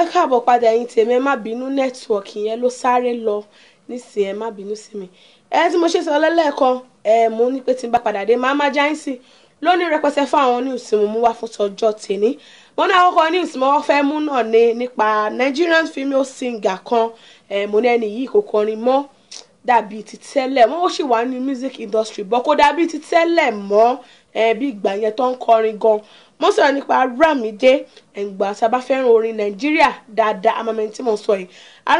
ẹ káàbọ̀ padà ẹ̀yin tèmi ẹ má bínú nẹ́tíwọ̀kì yẹn ló sáré lọ nísìnyí ẹ má bínú sí mi ẹ tí mo ṣe sọ lẹ́lẹ́ẹ̀kan ẹ mú ní pé tí n bá padà dé máa má jáìsì lónìí rẹpẹtẹ fún àwọn news mo mú wá fún tọjọ́ tèmi mo ní àwọn kan news mo fẹ́ mú náà ní nípa Nigerian female singer kan ẹ mo ní ẹni yìí kò kọrin mọ́ dàbí ti tẹ́lẹ̀ wọ́n ó sì wà ní music industry bọ́ kó dàbí ti tẹ́lẹ̀ mọ́ ẹ bí ìgbà yẹn tó ń kọrin gan-an mo sọ̀rọ̀ nípa Rámídé ẹ̀ǹgbà sábà fẹ́ràn orin Nàìjíríà dáadáa amọ̀mẹ́ni tí mo sọ yìí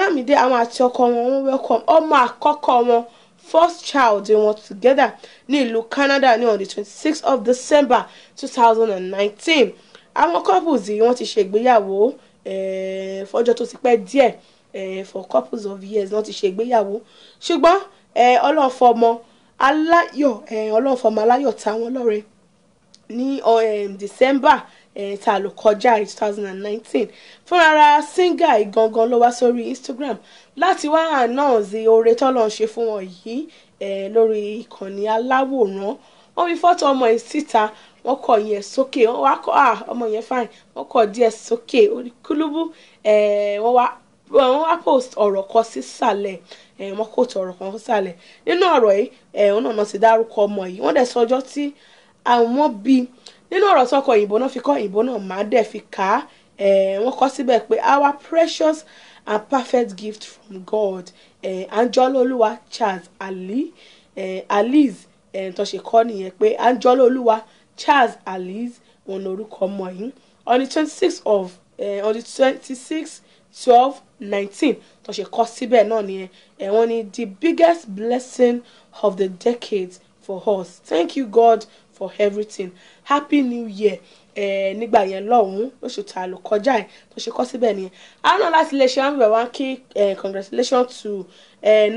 Rámídé àwọn àti ọkọ wọn wọ́n welcome ọmọ àkọ́kọ́ wọn first child wọn together ní ìlú Canada ní on the twenty six of December two thousand and nineteen àwọn couples yìí wọ́n ti ṣègbéyàwó eh, fọjọ́ tó ti pẹ́ díẹ̀ eh, for couples of years wọ́n ti ṣègbéyàwó ṣùgbọ́n eh, ọlọ́fọmọ aláyọ̀ ọlọ́fọmọ aláyọ̀ táwọn lọ́rẹ̀ẹ́ ní um, december eh, tá a lò kọjá two thousand and nineteen fúnra singer igangan ló wá sórí instagram láti wá announce oore tọ́lọ̀ ń ṣe fún wọn yìí eh, lórí ìkànnì aláwòrán wọ́n fi fọ́tò ọmọ yìí síta wọ́n kọ yẹn sókè wọ́n wá kọ ah, ọmọ yẹn fine wọ́n kọ díẹ̀ sókè oníkúlùbù eh, wọ́n wá wọ́n wá post ọ̀rọ̀ kan sísàlẹ̀ eh, wọ́n kò tọ̀rọ̀ kan sísàlẹ̀ nínú ọ̀rọ̀ yìí eh, òun náà ti dárúkọ ọmọ yìí wọ́n dẹ̀ sọ ọjọ́ tí àwọn bíi nínú ọ̀rọ̀ tán kọ òyìnbó náà fi kọ òyìnbó náà má dẹ̀ fi kà á eh, wọ́n kọ síbẹ̀ pé our precious and perfect gift from God eh, anjọ́lóolúwa Charles Ali eh, Alice tó ṣe kọ́ nìyẹn pé anjọ́lóolúwa Charles Alice wọn lórúkọ ọmọ yìí on the twenty six of on the twenty six twelve nineteen tó ṣe kọ síbẹ̀ náà nìyẹn ẹ̀ wọ́n ní the biggest blessing of the decade for us thank you God for everything happy new year ẹ nígbà yẹn lọ́hùn-ún oṣù ta ló kọjá ẹ̀ tó ṣe kọ́ síbẹ̀ nìyẹn àwọn láti lè ṣe àwọn ìbẹ̀wò kí congratulations to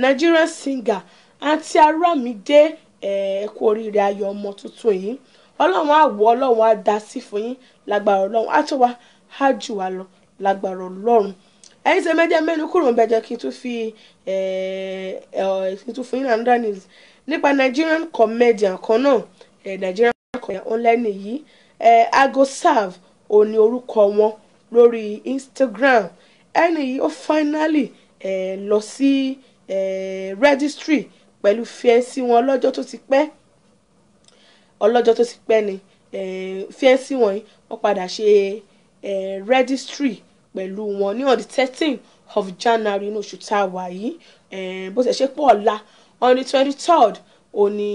Nigerian singer àti Aramide ẹ kú oríire ayọ̀ ọmọ tuntun yìí Ọlọ́run á wò Ọlọ́run á dá sí fún yín lágbára Ọlọ́run á tó wa á jù wá lọ lágbára Ọlọ́run ẹ̀yin ṣe mẹ́jẹ mẹ́nu kúrò ń bẹ̀jẹ̀ kí n tún fi kí n tún fún yín another nípa Nigerian comedian kan náà Eh, Nigeria Kenya Online yìí eh, @AgoServe òun ni orúkọ wọn lórí Instagram ẹni yìí ó finally eh, lọ sí registry pẹ̀lú fíẹ́ǹsì wọn lọ́jọ́ tó ti pẹ́ ọlọ́jọ́ tó ti pẹ́ ni fíẹ́ǹsì wọn yìí wọ́n padà ṣe registry pẹ̀lú wọn ní on the thirteen of January inú oṣù tá a wà yìí bó ṣe ṣe pọ̀ ọ̀la on the twenty third òní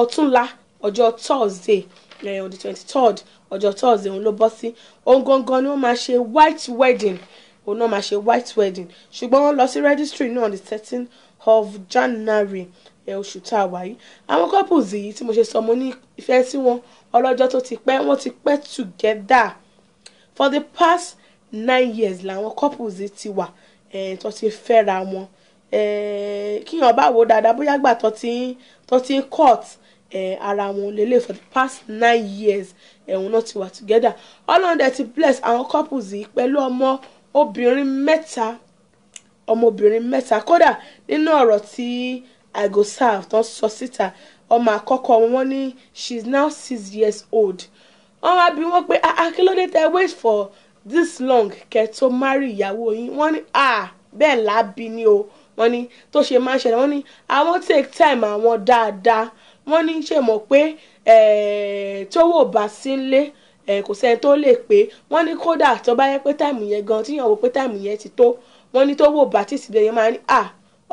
ọ̀túnla ọjọ́ thursday eh, on the twenty third ọjọ́ thursday òun ló bọ́ sí òun gangan ni wọ́n máa ṣe white wedding òun náà máa ṣe white wedding ṣùgbọ́n wọ́n lọ sí registry náà on the thirteen of january eh, oṣù tá a wà yìí àwọn couples yìí tí mo ṣe sọ mo ní ìfẹ́ sí wọn ọlọ́jọ́ tó ti pẹ́ wọ́n ti pẹ́ together for the past nine years làwọn couples yìí ti wà eh, tó ti fẹ́ra wọn. Eh, Eh, kíyàn bá wò dáadáa bóyá gbà tó ti ń tó ti ń court eh, ara wọn lélẹ̀ for the past nine years ẹ̀hún eh, náà ti wà together ọlọ́run dẹ̀ ti bless àwọn couples yìí pẹ̀lú ọmọ obìnrin mẹ́ta ọmọbìnrin mẹ́ta kódà nínú ọ̀rọ̀ tí i go serve tó ń sọ síta ọmọ àkọ́kọ́ ọmọ wọn ní she is now six years old wọ́n wá bí wọ́n pé ah, ah kí ló wait for this long kẹ́ tó marry ìyàwó yín wọ́n ní ah bẹ́ẹ̀ lábí ni o wọ́n ní tó ṣe máa ń ṣẹlẹ̀ wọ́n ní àwọn take time àwọn dáadáa wọ́n ní ṣe mọ̀ pé eh, tówó bá sí nlé eh, kò sẹ́ni tó lè pé wọ́n ní kódà tó bá yẹ pé táìmù yẹn gan tíyàn wò pé táìmù yẹn ti tó wọ́n ní tówó bá tí ìsìlẹ̀ yẹn máa ní à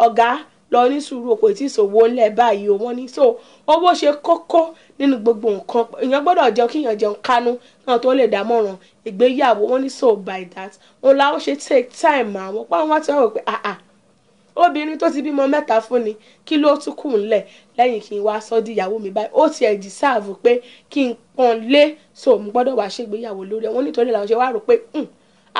ọ̀gá lọ ní sùúrù kò tí ì sòwò ńlẹ̀ báyìí o wọ́n ní so owó ṣe kókó nínú gbogbo nǹkan èèyàn gbọ́dọ̀ jẹun kí èèyàn jẹun kánú náà tó lè dámọ̀ràn ìgbéyàwó wọ́n ní so by that òun làwọn ṣe take time àwọn pàwọn wá ti wọ́n wò pé ah ah obìnrin tó ti bímọ mẹ́ta fún ni kí ló tún kù ńlẹ̀ lẹ́yìn kí n wá sọ di ìyàwó mi báyìí ó tiẹ̀ dìsáàvù pé kí n pọ́n lé so mo gbọ́dọ̀ wá ṣègbéyàwó lórí ẹ̀ wọ́n nítorí làwọn ṣe wá rò pé hmm,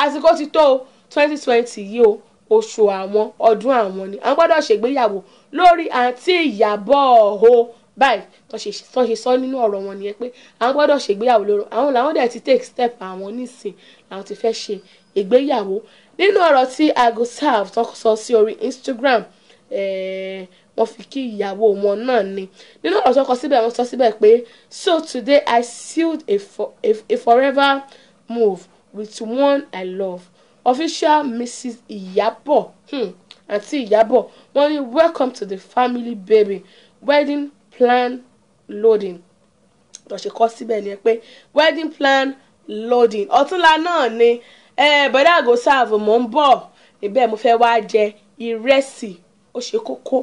àsìkò ti tó o twenty twenty yìí o oṣù àwọn ọdún àwọn ni àwọn gbọ́dọ̀ ṣègbéyàwó lórí àǹtí ìyàbọ̀ o báyìí tán ṣe sọ nínú ọ̀rọ̀ wọn nìyẹn pé àwọn gbọ́dọ̀ ṣègbéyàwó lórí àwọn làwọn dẹ̀ ti take step àwọn nísìn làwọn ti fẹ́ ṣe ìgbéyàwó nínú ọ̀rọ̀ tí Aguasav sọ sí orí Instagram wọ́n eh, fi kí ìyàwó wọn náà ni nínú ọ̀rọ̀ tó kọ síbẹ̀ wọ́n sọ síbẹ̀ pé so today I sealed a, for, a, a forever move with one I love official Mrs. Iyabo hmm, àti Iyabo wọ́n ní welcome to the family baby wedding plan loading tó ṣe kọ síbẹ̀ ni pé wedding plan loading ọ̀túnla náà ni ẹ bọ́dà àgọ́ sáàbù mò ń bọ̀ níbẹ̀ mo fẹ́ wá jẹ ìrẹsì ó ṣe kókó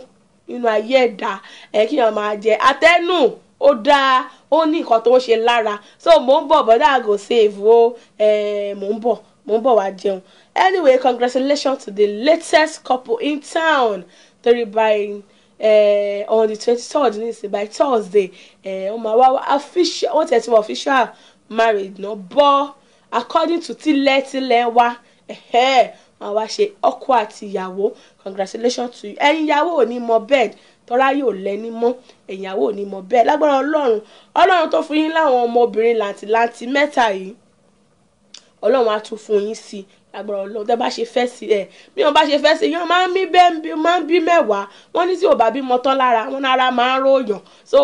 nínú ayé ẹ̀dá ẹ̀ kí èèyàn máa jẹ àtẹ́nù ó dáa ó ní nǹkan tó ń ṣe lára so mò ń bọ̀ bọ́dà àgọ́ sáàbù ó mò ń bọ̀ mò ń bọ̀ wá jẹun anyway congratulations to the latest couple in town torí by uh, on the twenty-third ní by thursday wọ́n máa wá official wọ́n tẹ̀ tí wọ́n official marriage náà bọ́ according to tílẹ̀tílẹ̀ wa wọn wá ṣe ọkọ àti ìyàwó congratulations to you ẹ̀yin ìyàwó ò ní mọ bẹ́ẹ̀ tọ́lá yóò lẹ́ni mọ́ ẹ̀yàwó ò ní mọ bẹ́ẹ̀ lágbára ọlọ́run ọlọ́run tó fún yín láwọn ọmọbìnrin làǹtìlanti mẹ́ta yìí ọlọ́run á tún fún yín sí i agbọ̀rọ̀ lọ tẹ́ bá ṣe fẹ́ sí ẹ̀ bí wọ́n bá ṣe fẹ́ sí yẹn máa ń bí máa ń bí mẹ́wàá wọ́n ní tí ò bá bímọ tán lára wọn ara máa ń ròyàn so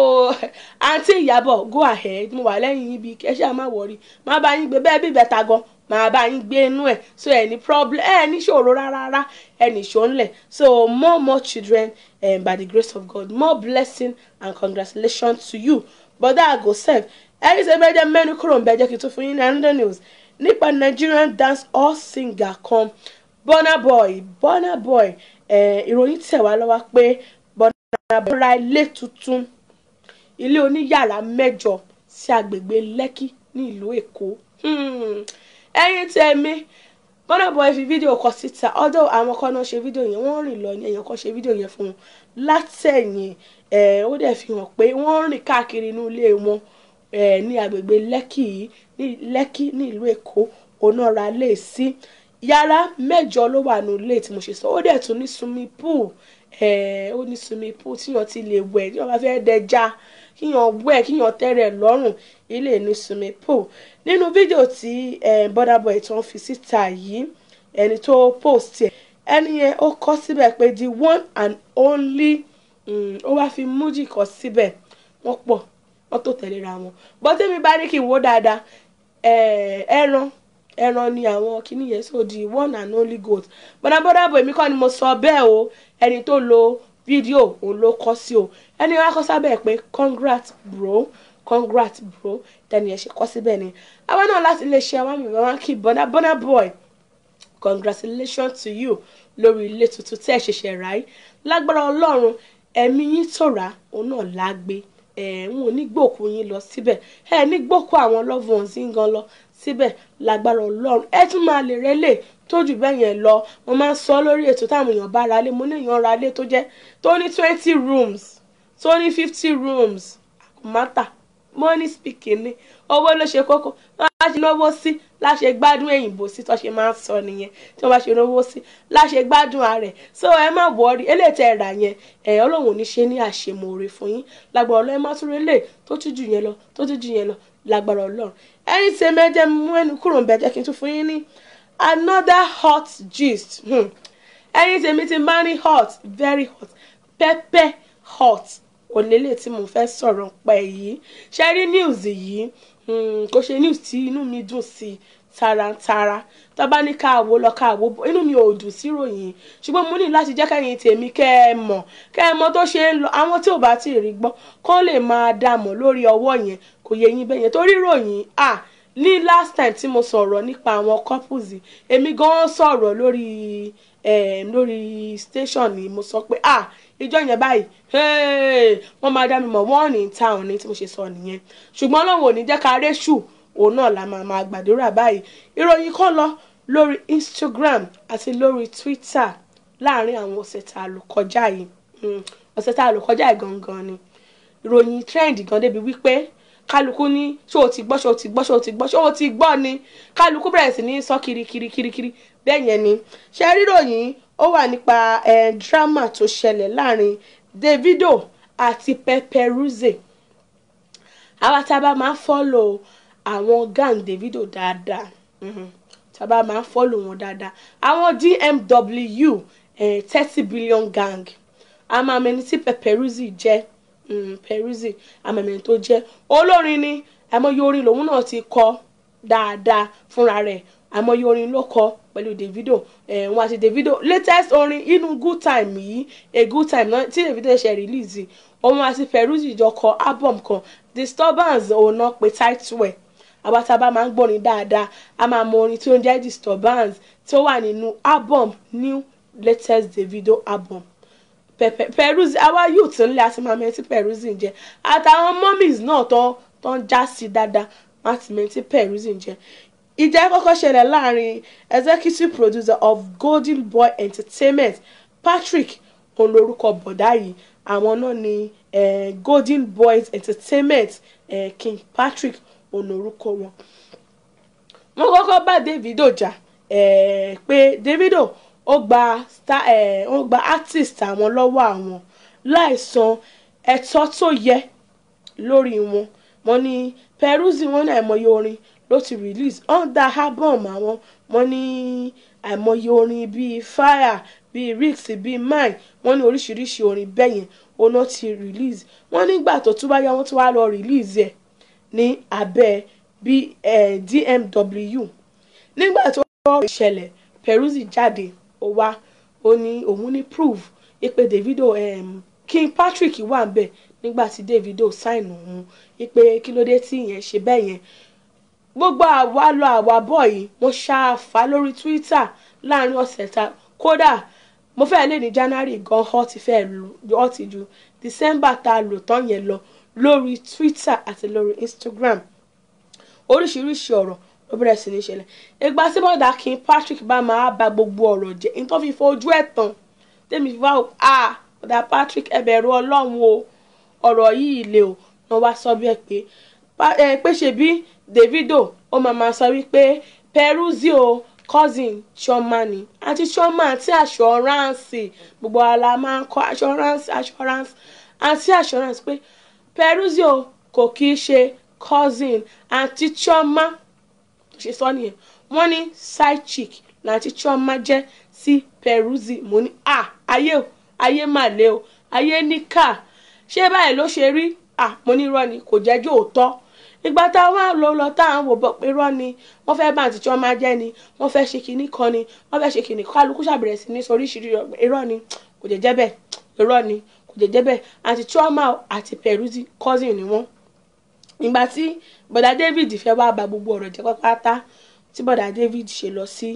àǹtí ìyàbọ̀ go ahead mo wà lẹ́yìn ibi kẹ́ ṣáà má wọrí má bá yín gbé bẹ́ẹ̀ bí bẹ́ta gan màá bá yín gbé inú ẹ̀ so ẹ̀ ní problem ẹ̀ ní ṣòro rárá ẹ̀ ní ṣòǹlẹ̀ so more more children um, by the grace of God more blessing and congratulations to you bọ́dà àgọ́sẹ̀ ẹ̀rí ṣe bẹ́ẹ̀ jẹ́ mẹ́nu kúrò ń bẹ́ẹ̀ jẹ́ kí n tún fún yín ní another news nípa Nigerian dance dancehall singer kan Burna Boy Burna Boy eh, ìròyìn tẹ̀ wá lọ́wọ́ pé Burna Boy ra ilé tuntun ilé oníyàrá mẹ́jọ sí agbègbè Lẹ́kì ní ìlú Èkó hmm. ẹ̀yin tèmi Burna Boy fi fídíò kan síta ọ̀dọ̀ àwọn kan náà ṣe fídíò yẹn wọ́n rìn lọ ní ẹ̀yàn kan ṣe fídíò yẹn fún un látẹ̀yìn ẹ̀ eh, ó dẹ̀ fi hàn pé wọ́n rìn káàkiri inú ilé wọn eh, ní agbègbè Lẹ́kì yìí ní Lẹ́kì ní ìlú Èkó òun náà ra lé sí yàrá mẹ́jọ ló wà nù lé tí mo ṣe sọ ó dẹ̀ tún ní swimming pool eh, ó ní swimming pool tíyan ti lè wẹ̀ tíyan bá fẹ́ dẹja kíyan wẹ̀ kíyan tẹ́rẹ̀ lọ́rùn ilé ní swimming pool nínú fídíò tí eh, Burna Boy tó ń fi síta yìí ẹni tó post ẹ̀ ẹni yẹn ó kọ síbẹ̀ pé the one and only mm, ó wá fi mújì kọ síbẹ̀ wọ́n pọ̀ wọ́n tó tẹ̀léra wọn bọ́tẹ́mi bá ní kí n wò dáadáa Eh, ẹran ẹran ni àwọn kìíní yẹn so the one and only goat bọ́dàbọ́dàbọ̀ èmi kọ́ ni mo sọ bẹ́ẹ̀ o ẹni tó lo fídíò òun ló kọ́ sí o ẹni wá kọ́ sábẹ́ pé congrats bro congrats bro tẹ́ni ẹ̀ ṣe kọ́ síbẹ̀ ni àwọn náà láti iléeṣẹ́ wa mi wá kí bọ́dàbọ́dà boy congratulations to you lórí ilé tuntun tẹ́ ẹ̀ ṣẹ̀ṣẹ̀ ráyé lágbára ọlọ́run ẹ̀mí yín tòrá òun náà lágbé ẹ̀ẹ́n onígbòkú yín lọ síbẹ̀ ẹ nígbòkú àwọn love ones yín gan lọ síbẹ̀ lágbára ọlọ́run ẹ tún máa lè rẹ́lẹ̀ tó jù bẹ́ẹ̀ yẹn lọ mo máa ń sọ lórí ètò táwọn èèyàn bá ra lé mo ní èèyàn ra lé tó jẹ́ tó ní twenty rooms tó ní fifty rooms kò money speaking ni owó ló ṣe kókó wọn á ti náwó sí láṣẹ gbádùn èyìnbó sí tó ṣe máa ń sọ nìyẹn tí wọ́n bá ṣe rówó sí láṣẹ gbádùn ààrẹ so ẹ má wọrí eléyìí tẹ yẹn ẹ ọlọ́run ò ní ṣe ní àṣemọ̀ọ́rẹ́ fún yín lágbára ọlọ́run ẹ má tún relé tó tún jù yẹn lọ tó tún jù yẹn lọ lágbára ọlọ́run ẹni ṣe mẹ́jẹ mú ẹnu kúrò ń bẹ jẹ́ kí n tún fún yín ní another hot gist hmm. ẹni ṣe mi ti máa ní hot very hot pepper hot òlélẹ̀ tí mo fẹ́ sọ̀rọ̀ pẹ̀ yìí ṣe rí news yìí hmm, kò ṣe news tí inú mi dùn sí i tarantara tọ́ba ní káàwó lọ káàwó bọ̀ inú mi ò dùn sí ròyìn ṣùgbọ́n mo ní láti jẹ́ kẹ́yìn tèmi kẹ́ ẹ mọ̀ kẹ́ ẹ mọ̀ tó ṣe ń lọ àwọn tí ò bá ti rí gbọ́ kán lè máa dààmú lórí ọwọ́ yẹn kò yẹ yín bẹ́yẹn torí ròyìn à ní last time tí mo sọ̀rọ̀ nípa àwọn couples èmi gan sọ̀rọ̀ lórí um, lórí station ni mo sọ pé ah ìjọ yẹn báyìí hey, wọ́n máa dá mi mọ̀ wọ́n ní town ní tí mo ṣe sọ nìyẹn ṣùgbọ́n lọ́wọ́ ò ní jẹ́ ká réṣù òun náà la máa máa gbàdúrà báyìí ìròyìn kan lọ lórí Instagram àti lórí Twitter láàrin àwọn ọ̀sẹ̀ tá a lò kọjá yìí hmm, ọ̀sẹ̀ tá a lò kọjá yìí gangan ni ìròyìn trend gan débi wípé kálukú ní ṣé o ti gbọ́ ṣé o ti gbọ́ ṣé o ti gbọ́ ṣé o ti gbọ́ ni kálukú bẹ̀rẹ̀ sí ní sọ kirikiri kirikiri bẹ́ẹ̀ yẹn ni ṣe ríròyìn ó wà nípa drama tó ṣẹlẹ̀ láàrin Davido àti Pepe Ruze àwa tá a bá máa follow àwọn gang Davido dáadáa mm-hmm. tábà máa ń fọ́lò wọn dáadáa àwọn DMW eh, thirty eh, billion gang amamẹni tí Peruzzi jẹ́ mm, Peruzzi amamẹni tó jẹ́ olórin ni àmọye orin lòun náà ti kọ dáadáa fúnra rẹ̀ àmọye orin ló kọ pẹ̀lú Davido eh, wọn àti Davido latest orin inú good time yìí a good time náà tí Davido ṣe release òun àti Peruzzi jọ kọ album kan disturbance òun náà pe title ẹ̀ àwa tá a bá máa ń gbọ́rin dáadáa a máa mọ orin tí ó ń jẹ́ disturbance tí wà nínú album new latest Davido album peruzzi àwa youth ńlẹ̀ àti máa mẹ́tí peruzzi ń jẹ́ àtàwọn mummies náà tó tó ń já sí dáadáa wọ́n ti mẹ́tí peruzzi ń jẹ́ ìjà kọ́kọ́ ṣẹlẹ̀ láàrin executive producer of Golden Boy Entertainment Patrick òun lorúkọ bọ̀dá yìí àwọn náà ni eh, Golden Boys Entertainment eh, King Patrick olórúkọ wọn. wọ́n kọ́kọ́ bá Davido jà eh, pé Davido ó gba star eh, ó gba artist àwọn lọ́wọ́ àwọn láì san ẹ̀tọ́ tó yẹ lórí wọn wọ́n ní Peruzzi wọ́n ní àìmọye orin ló ti release under album àwọn wọ́n ní àìmọye orin bíi fire bíi risk bíi mine wọ́n ní oríṣiríṣi orin bẹ́yẹn oná ti release wọ́n nígbà tó tún bá yá wọ́n tún wá lọ release ẹ̀ ní abẹ́ dmw nígbà tó ọ̀rọ̀ ìṣẹ̀lẹ̀ peruzzi jáde ó wá ó ní òun ní proof ìpè davido um, king patrick wà ń bẹ̀ nígbà tí davido sign òun ìpè kí ló dé tí ìyẹn ṣe bẹ́ẹ̀ yẹn gbogbo àwa lọ àwa bọ̀ yìí mo ṣàfà lórí twitter láàrin ọ̀sẹ̀ ta kódà mo fẹ́ lé ní january gan-an ó ti fẹ́ lò ó ti ju december ta lò tán yẹn lọ lórí Twitter àti lórí Instagram oríṣiríṣi ọ̀rọ̀ ló bẹ̀rẹ̀ sí ní ṣẹlẹ̀ ìgbà tí bọ́dà King Patrick bá máa ba gbogbo ọ̀rọ̀ jẹ́ nítorí fi fojú ẹ̀ tán tèmi fi wá o a bọ́dà Patrick ẹ bẹ̀rù Ọlọ́run o ọ̀rọ̀ yìí le o wọ́n wá sọ bí ẹ pé pé ṣe bí Davido ó máa máa sọ wípé peruzio o cousin Chioma ni àti Chioma àti assurance gbogbo ara máa ń kọ assurance assurance àti assurance pé. Peruzio kò kìí ṣe Coxon àti Chioma ṣe sọ nìyẹn. Wọ́n ní side chick làǹtí Chioma jẹ́ sí Peruzzi. Mo ní à ayé o ayé mà lé o ayé níkà ṣé báyìí ló ṣe rí à mo ní irọ́ ni kò jẹ́jọ́ òótọ́ ìgbà tá a wá lọ lọ tá à wò bọ pé irọ́ ni wọ́n fẹ́ bá àǹtí Chioma jẹ́ ni wọ́n fẹ́ ṣe kínní kan ni wọ́n fẹ́ ṣe kínní kálukú ṣàbẹ̀rẹ̀ sí ní sọ oríṣiríṣi irọ́ kò jẹ́jẹ́ bẹ́ẹ̀ irọ́ dèdè bẹ́ẹ̀ àti Chioma àti Peruzzi cousin ni wọ́n ìgbà tí bọ̀dà David fẹ́ wá ba gbogbo ọ̀rọ̀ jẹ́ pátápátá tí bọ̀dà David ṣe lọ sí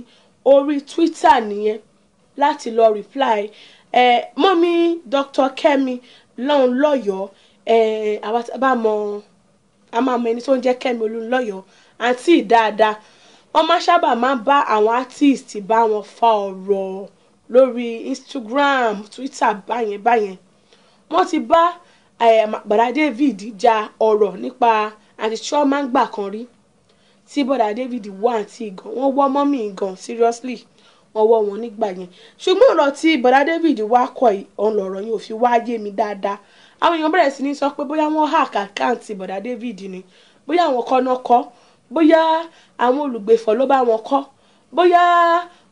orí Twitter nìyẹn láti lọ reply ẹ eh, mọ́mí Dr. Kẹ́mi lọ́hùn lọ́yọ̀ọ́ ẹ àwa tá a bá mọ a máa mọ ẹni tó ń jẹ́ Kẹ́mi Olúnlọ́yọ̀ọ́ àǹtí dáadáa wọ́n máa sábà máa bá àwọn artist bá wọn fa ọ̀rọ̀ lórí Instagram Twitter báyẹn báyẹn wọ́n ti bá eh, bọ̀dà David ja ọ̀rọ̀ nípa àti ṣọ́mágbà kan rí tí bọ̀dà David wá àti ìgàn wọ́n wọ́ mọ́mì ìgàn seriously wọ́n wọ́ wọn nígbà yẹn ṣùgbọ́n ọ̀rọ̀ tí bọ̀dà David wá kọ̀ ọ̀n lọ̀rọ̀ yẹn ò fi wá yé mi dáadáa àwọn èèyàn bẹ̀rẹ̀ sí ní sọ pé bóyá wọ́n hack account bọ̀dà David ni bóyá àwọn kan náà kọ́ bóyá àwọn olùgbèfọ̀ ló bá wọn kọ́ bóyá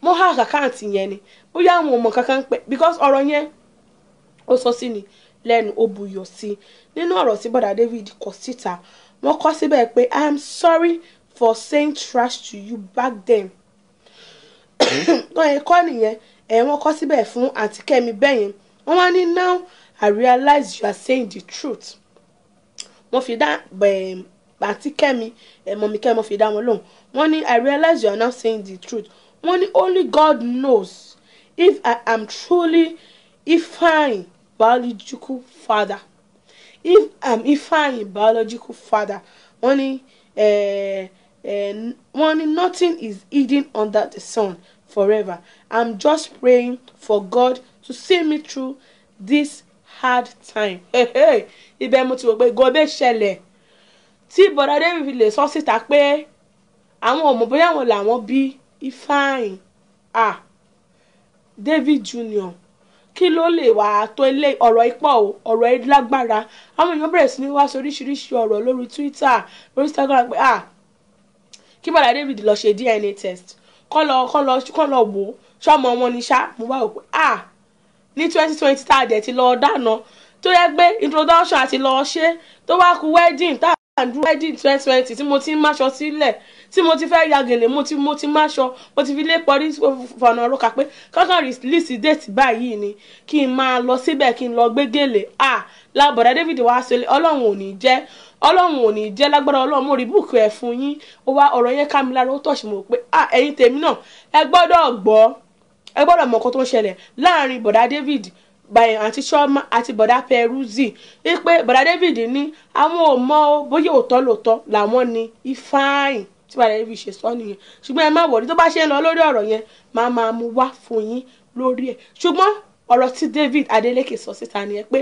wọ́n hack account yẹn ni bóyá àwọn ọmọ kankan pẹ̀ because ọ̀rọ̀ yẹn ó sọ sí ni lẹ́nu ó buyọ̀ sí i nínú ọ̀rọ̀ tí bọ̀dà David kọ síta wọ́n kọ síbẹ̀ pé I am sorry for saying trash to you back then ẹ̀ kọ́ nìyẹn ẹ̀ wọ́n kọ síbẹ̀ fún àǹtí Kẹ́mi bẹ́yẹn wọ́n wá ní now I realize you are saying the truth wọ́n fi dá àǹtí Kẹ́mi mọ̀mí Kẹ́mi wọ́n fi dá wọn lóhùn wọ́n ní I realize you are now saying the truth wọ́n ní only God knows if I am truly Ifeanyi biological father if um, Ifeanyi biological father wọ́n ní eh, eh, wọ́n ní nothing is hidden under the sun forever I'm just praying for God to see me through this hard time ibẹ̀ mo ti wò pé gọbẹ ṣẹlẹ̀ tí bọ̀dá David fi lè sọ síta pé àwọn ọmọ bóyá wọn làwọn bí Ifeanyi ah David Junior kí ló lè wà tó ilé ọ̀rọ̀ ipò o ọ̀rọ̀ lágbára àwọn èèyàn bẹ̀rẹ̀ sí ní wá sí oríṣiríṣi ọ̀rọ̀ lórí Twitter lórí Instagram pé ah kí bàdà David lọ ṣe DNA test kọ́ lọ kọ́ lọ kọ́ lọ wò ó ṣọ́mọ wọn ni ṣá mo bá wò pé ah ní twenty twenty tá a dẹ̀ ti lọ dáná tó yẹ pé introduction àti lọ ṣe tó wá ku wedding tá a dúró wedding twenty twenty tí mo ti ń máṣọ sílẹ̀ tí mo ti fẹ́ ya gèlè mo ti mo ti máṣọ mo ti fi lé pọrí fọ̀nà ọ̀rọ̀kà pé kankan rìlíìsì déètì báyìí ni kí n máa lọ síbẹ̀ kí n lọ gbé gèlè à lábọ̀dá David wàá sọ ọlọ́run ò ní jẹ́ ọlọ́run ò ní jẹ́ lágbára ọlọ́run mo rí búùkù ẹ̀ fún yín ó wá ọ̀rọ̀ yẹn ká mi lára ó tọ̀sí mo pé à ẹ̀yin tèmi náà ẹ gbọ́dọ̀ gbọ́ ẹ gbọ́dọ̀ mọ nǹkan tó ń ṣẹlẹ̀ láàrin bọ̀dá David báyìí àti sọ́ọ́mà àti bọ̀dá Peruzzi wípé bọ̀dá David ní àwọn ò mọ̀ bóyá òótọ́ lóòótọ́ làwọn ni ifáàyìn tí bàdé fi ṣe sọ nìyẹn ṣùgbọ́n ẹ má wọ̀rí tó bá ṣe ń lọ lórí ọ̀rọ̀ yẹn máa máa mú wá fún yín lórí ẹ̀ ṣùgbọ́n ọ̀rọ̀ tí David Adeleke sọ síta nìyẹn pé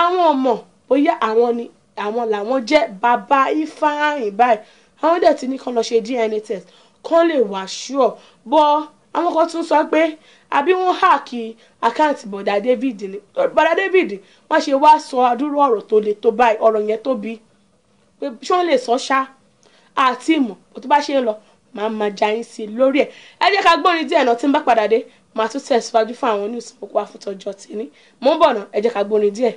àwọn ọmọ bóyá àwọn ni àwọn làwọn jẹ́ bàbá Ifeanyi báyìí àwọn dẹ̀ ti ní kán lọ ṣe DNA test kán lè wá ṣúọ̀ bọ́ àwọn kan tún sọ pé àbí wọ́n háàkì àkáǹtì bọ̀dà David ni bọ̀dà David wọ́n ṣe wá sọ àdúrò ọ̀rọ̀ tó le tó báyìí ọ̀rọ̀ yẹn tóbi pé ṣé wọ́n lè sọ ṣáá àti ìmọ̀ bó tó bá ṣe ń lọ màá máa já yín sí i lórí ẹ̀ ẹ jẹ́ ká gbọ́rin díẹ̀ náà tí ń bá padà dé màá tún tẹ̀síwájú fún àwọn oníṣòwò wa fún tọjọ́ tìní mò ń bọ̀ náà ẹ jẹ́ ká gbọ́rin díẹ̀.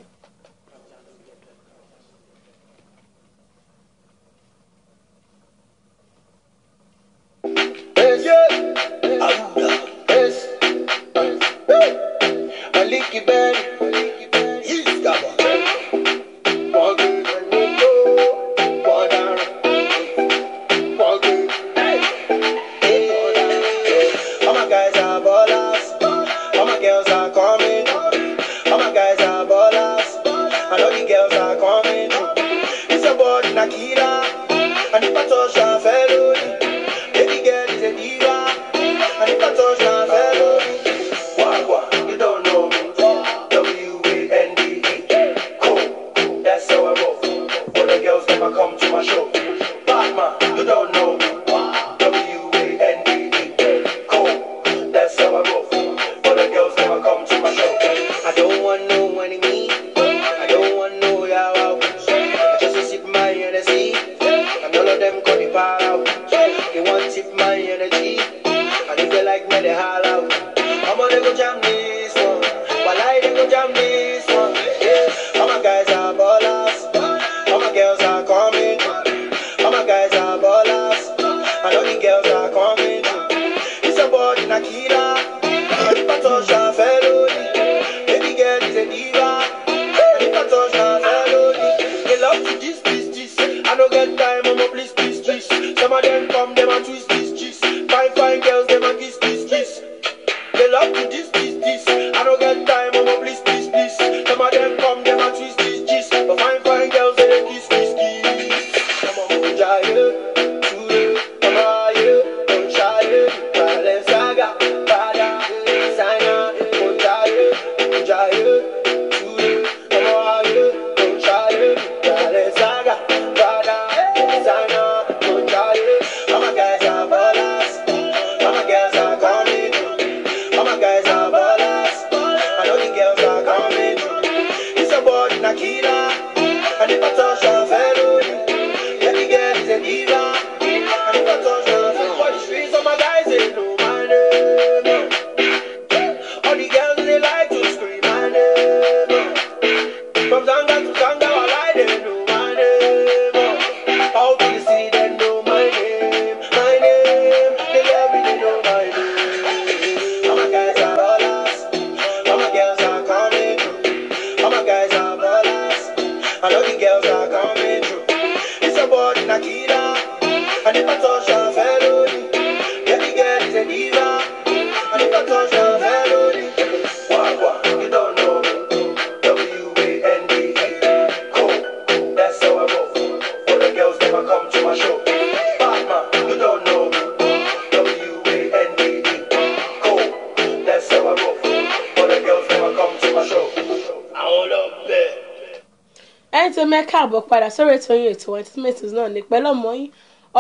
káàbọ̀ padà sórí ètò yín ètò entertainment news náà ní pẹ̀lú ọmọ yín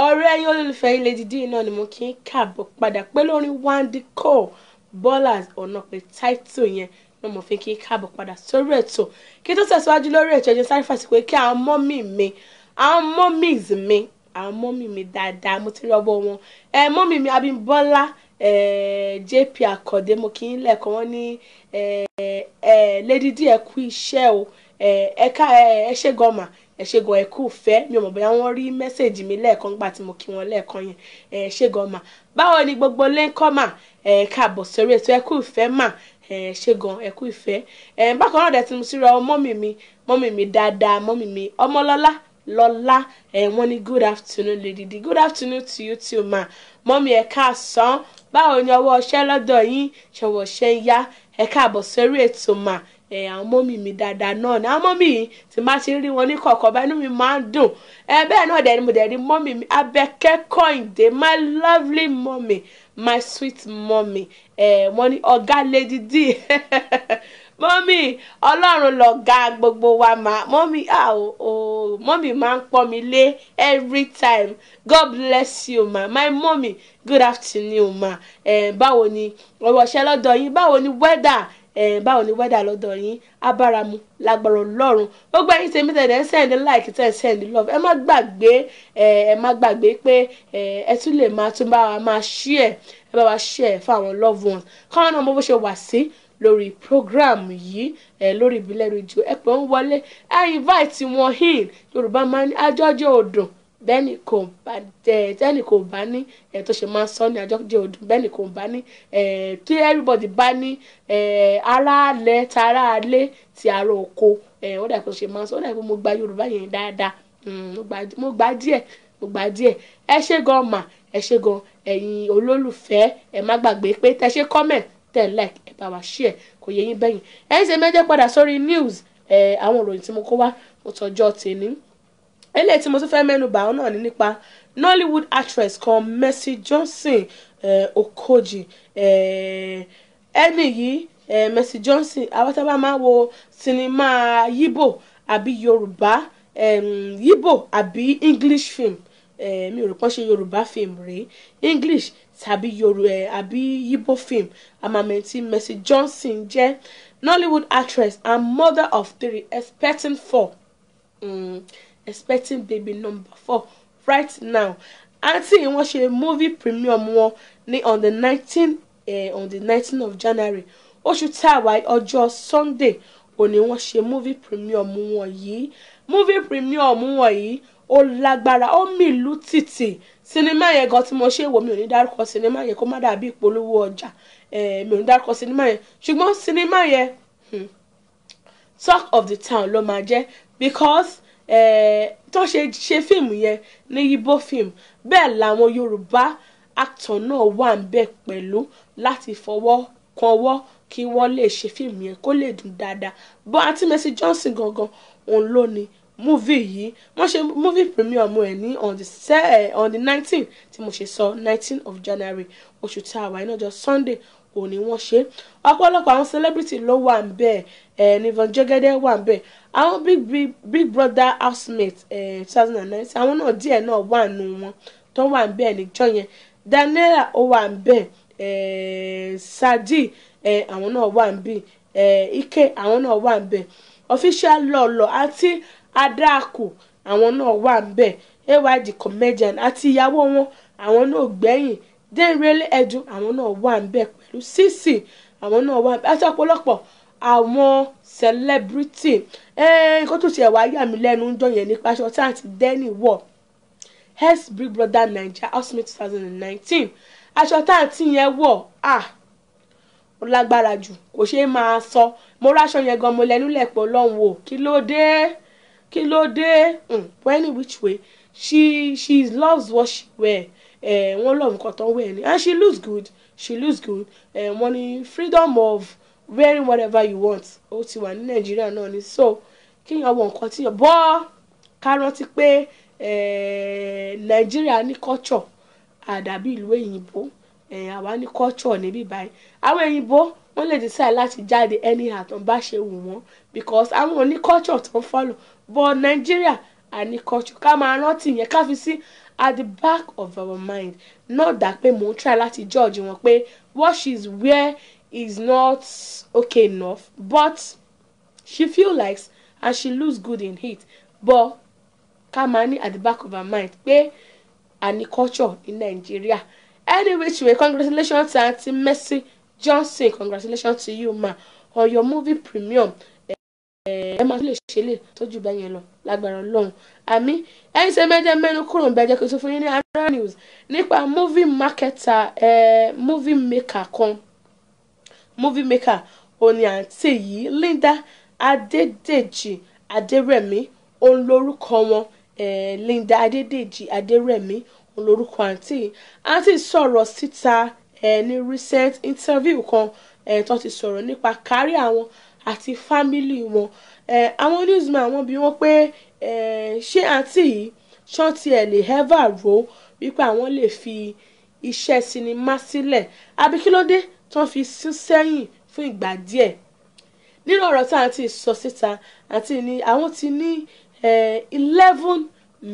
ọ̀rẹ́ yín olólùfẹ́ yín Lady Dee náà ni mo kí ń káàbọ̀ padà pẹ̀lú orin Wandiko Ballad ọ̀nà pé title yẹn náà mo fi kí ń káàbọ̀ padà sórí ètò kí tó tẹ̀síwájú lórí ètò ẹ̀jẹ̀ sáré fàṣẹ pé kí àwọn mọ́mì mi àwọn mọ́mìs mi àwọn mọ́mì mi dáadáa mo ti rọ́bọ̀ wọn ẹ mọ́mì mi Abímbọ́lá JP Àkàndé mo kí ń lẹ̀kọ́ wọn ní Lady D. ẹ kú iṣẹ́ o ẹ ká ẹ ṣe gan mà ẹ ṣe gan ẹ kú mi ò mọ̀ bóyá wọ́n rí mẹ́sẹ̀gì mi lẹ́ẹ̀kan nígbà tí mo kí wọn lẹ́ẹ̀kan yẹn ẹ ṣe gan mà báwo ni gbogbo lẹ́ńkọ́ mà ẹ káàbọ̀ sórí ètò ẹ kú ìfẹ́ mà ẹ ṣe gan ẹ kú ẹ bákan náà dẹ̀ tí mo síra mọ́mì mi mọ́mì mi dáadáa mọ́mì mi ọmọlọ́lá lọ́lá ẹ wọ́n ní good afternoon lady good afternoon to you too ma mọ́mì ẹ káàsán báwo ni ọwọ́ ọṣẹ́ lọ́dọ̀ yín ṣọwọ́ ṣe ń yá ẹ káàbọ̀ sórí ètò mà àwọn mọ́mì mi dáadáa náà ni àwọn mọ́mì yìí tí má ṣe rí wọn ní kọ̀ọ̀kan bá inú mi máa ń dùn ẹ bẹ́ẹ̀ náà dẹ̀ mo dẹ̀ mọ́mì mi Abẹ́kẹ́ Kọ́ìndé my lovely mọ́mì my sweet mọ́mì ẹ wọ́n ní ọ̀gá lady d mọ́mì ọlọ́run lọ̀gá gbogbo wa mà mọ́mì mọ́mì máa ń pọ́n mi lé every time God bless you ma my mommy good afternoon ma eh, báwo ni ọ̀rọ̀ ṣẹ́ lọ́dọ̀ báwo ni weather báwo ni wẹ́dà lọ́dọ̀ yín abáramu lágbára ọlọ́run gbogbo ẹ̀yin tèmi tẹ̀lé ẹ̀ like láìkì tẹ̀ sẹ́ndí love ẹ má gbàgbé ẹ má gbàgbé pé ẹ tún lè máa tún bá wa máa ṣí ẹ bá wa ṣí fún àwọn loved ones káwọn náà mọ bó ṣe wà sí lórí program yìí ẹ lórí ìbílẹ̀ rédíò ẹ pè ń wọlé ẹ invite wọn in yorùbá máa ní àjọjọ ọdún bẹ́ẹ̀ni kò bá ẹ tẹ́ni kò bá ní ẹ tó ṣe máa ń sọ ní àjọdé ọdún bẹ́ẹ̀ni kò bá ní ẹ tí everybody bá ní ẹ ara alẹ́ tara alẹ́ ti ara oko ẹ ó dà pé ó ṣe máa ń sọ ó dà pé mo gba Yorùbá yẹn dáadáa hmm, mo gba díẹ̀ mo gba díẹ̀ ẹ ṣé gan mà ẹ ṣé gan ẹ̀yin olólùfẹ́ ẹ má gbàgbé pé tẹ ṣe comment tẹ like ẹ bá wa share kò yẹ yín bẹ́yìn ẹ ṣe mẹ́jẹ́ padà sórí news ẹ àwọn ìròyìn tí mo kó wá mo tọjọ́ tèmi eléyìí tí mo tún fẹ́ mẹ́nu bà náà ní nípa Nollywood actress kan Mercy Johnson eh, Okoji eh, ẹni eh, yìí eh, Mercy Johnson awátaba máa wo sinimá Yíbò àbí Yorùbá Yíbò àbí English film eh, mi ò rò pọ́n ṣe Yorùbá film rèé English tàbí Yorùbá eh, àbí Yíbò film amamẹ̀ntì Mercy Johnson jẹ́ Nollywood actress and mother of three expecting four. Mm expecting baby number four right now àǹtí yìí wọ́n ṣe movie premium wọn ní on the nineteen eh, on the nineteen of January oṣù tá a wà ọjọ́ Sunday òní wọ́n ṣe movie premium wọn yìí movie premium wọn yìí ó lágbára ó mìlú tìtì sinimá yẹn gan tí mo ṣe wò mí ò ní dárúkọ sinimá yẹn kó má dàbí ìpolówó ọjà eh, mi ò ní dárúkọ sinimá yẹn ṣùgbọ́n sinimá yẹn hmm, talk of the town ló máa jẹ́ because Eh, tó ṣe ṣe fíìmù yẹn ní Igbo film bẹ́ẹ̀ làwọn Yorùbá actor náà wà ń bẹ̀ pẹ̀lú láti fọwọ́ kanwọ́ kí wọ́n lè ṣe fíìmù yẹn kó lè dùn dáadáa bọ́ àti Mercy Johnson gangan òun ló ni múvì yìí wọ́n ṣe múvì premium ẹ̀ ní on the se eh, on the nineteen tí mo ṣe sọ nineteen of January oṣù tí a wà iná jọ Sunday òun ni wọ́n ṣe ọ̀pọ̀lọpọ̀ àwọn celebrity ló wà ń bẹ̀ ẹ̀ Nivon Jẹ́gẹ́dẹ́ wà ń bẹ̀ àwọn big big big brother housemate ẹ̀ two thousand and nine àwọn náà díẹ̀ náà wà nù wọn tó wà ń bẹ̀ níjọ́ yẹn Daniela ó wà ń bẹ̀ ẹ̀ Sadi ẹ̀ àwọn náà wà ń bì ẹ̀ Ike àwọn náà wà ń bẹ̀ official lọ́ọ̀lọ́ àti Adaku àwọn náà wà ń bẹ̀ ay the comedian àti ìyàwó wọn àwọn náà gbẹ̀yìn Dẹ́rẹ́lẹ́ Ẹdùn àwọn náà wà ń bẹ̀ pẹ̀lú pẹ̀lú Sisi àwọn náà wà àti ọ̀pọ̀lọpọ̀ àwọn celebrity nǹkan tó ṣe wá yà mí lẹ́nu ń jọ yẹn nípa aṣọ tí àǹtí Denny wọ̀ x Big Brother Naija Housemate two thousand and nineteen aṣọ tá àǹtí yẹn wọ̀ ah ó lágbára jù kò ṣeé máa sọ mo ráṣọ yẹn gan mo lẹnu lẹ̀pọ̀ ọlọ́run o kí ló dé kí ló dé hmm, any which way she she loves what she wear wọ́n love nǹkan tó ń wẹ̀ ni and she looks good she looks good um, wọ́n freedom of wearing whatever you want ó ti wà ní nàìjíríà náà ni so kíyàn wọ nǹkan tíyàn bọ́ ká rántí pé eh, nàìjíríà ní culture àdàbí ìlú èyìnbó eh, àwa ní culture níbí báyìí àwọn èyìnbó wọ́n lè decide láti jáde anyhow tán bá ṣe wù wọ́n because àwọn oni culture to follow but Nigeria àní culture ká máa rántí yẹn ká fi sí at the back of our mind not that pé mo ń try láti judge wọn pé what she is where is not okay enough but she feel likes and she looks good in heat. but ká máa at the back of her mind pé àní culture in Nigeria anyway chiwe congratulations to aunty Mercy Johnson congratulations to you ma on your movie premium ẹ máa tún lè ṣe lè tọ́jú bẹ́ẹ̀ yẹn lọ lágbára ọlọ́run àmì ẹ̀yin ṣe mẹ́jẹ mẹ́nu kúrò ń bẹ jẹ́ kí fún yín ní another news nípa movie marketer eh, movie maker kan movie maker òní àǹtí yìí Linda Adédèjì Adérẹ̀mí òun lórúkọ wọn eh, Linda Adédèjì Adérẹ̀mí òun lórúkọ àǹtí yìí àǹtí sọ̀rọ̀ síta eh, ní recent interview kan eh, tó ti sọ̀rọ̀ nípa kárí àwọn àti fámílì wọn àwọn newsman wọn bi wọ́n pé ṣé àǹtí yìí ṣán tiẹ̀ lè hẹ́và rò wípé àwọn lè fi iṣẹ́ sinimá sílẹ̀ àbí kí ló dé tí wọ́n fi sún sẹ́yìn fún ìgbà díẹ̀ nínú ọ̀rọ̀ tí àǹtí sọ síta àǹtí ni àwọn ti ní eleven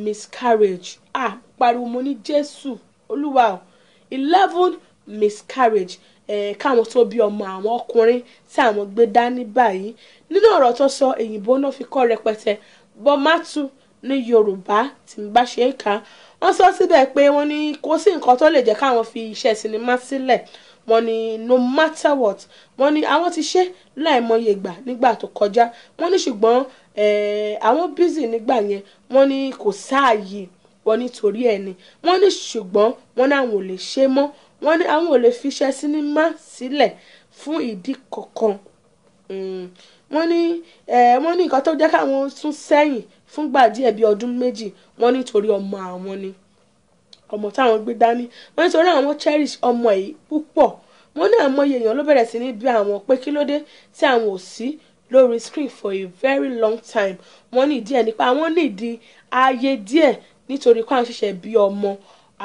miscarriage ah pariwo mo ní Jésù Olúwa eleven miscarriage Eh, káwọn tó bí ọmọ àwọn ọkùnrin tí àwọn gbé dání báyìí nínú ọ̀rọ̀ tó sọ èyìnbó náà fi kọ́ rẹpẹtẹ bọ́ mátù ní yorùbá tí n bá ṣe ń kà á wọ́n sọ síbẹ̀ pé wọ́n ní kò sí nǹkan tó lè jẹ́ káwọn fi iṣẹ́ sinimá sílẹ̀ wọ́n ní no matter what wọ́n ní àwọn ti ṣe láìmọye ìgbà nígbà tó kọjá wọ́n ní ṣùgbọ́n eh, àwọn bízì nígbà yẹn wọ́n ní kò sáàyè wọ́n nítorí ẹni wọ́n ní ṣùgbọ́n wọ́n náà wọn lè ṣe mọ́ wọ́n ní àwọn ò lè fiṣẹ́ sinimá sílẹ̀ fún ìdí kankan hmm. wọ́n ní wọ́n ní nǹkan tó jẹ́ káwọn sún sẹ́yìn fúngbà díẹ̀ bíi ọdún méjì wọ́n nítorí ọmọ àwọn ni ọmọ táwọn gbé dání wọ́n nítorí àwọn cherish ọmọ yìí púpọ̀ wọ́n ní àmọye èèyàn ló bẹ̀rẹ̀ sí ní bí àwọn pé kí ló dé tí àwọn ò sí lórí screen for a very long time wọ́n ní ìdí ẹ̀ nípa àwọn ní ìdí ààyè díẹ̀ nítorí pé àwọn ṣẹ̀ṣẹ̀ bí ọmọ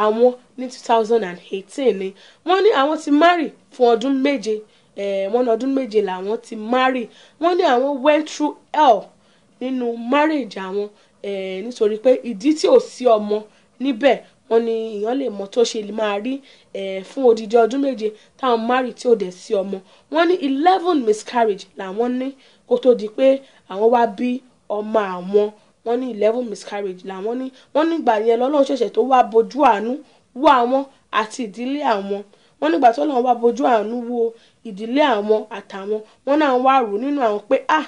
àwọn ní two thousand and eighteen ni wọ́n ní àwọn ti marry fún ọdún méje eh, wọ́n ní ọdún méje làwọn ti marry wọ́n ní àwọn went through hell nínú marriage àwọn eh, nítorí pé ìdí tí ò sí ọmọ níbẹ̀ wọ́n ní èèyàn lè mọ tó ṣe máa rí eh, fún odidi ọdún méje táwọn mari tí ò dẹ̀ sí ọmọ wọ́n ní eleven miscarriage làwọn ní kó tó di pé àwọn wá bí ọmọ àwọn wọ́n ní eleven miscarriage làwọn ní wọ́n nígbà yẹn lọ́lọ́run ṣẹ̀ṣẹ̀ tó wá bojú àánú wo àwọn àti ìdílé àwọn wọ́n nígbà tó lọ́wọ́ wá bojú àánú wo ìdílé àwọn àtàwọn wọ́n náà wá rò nínú àwọn pé ah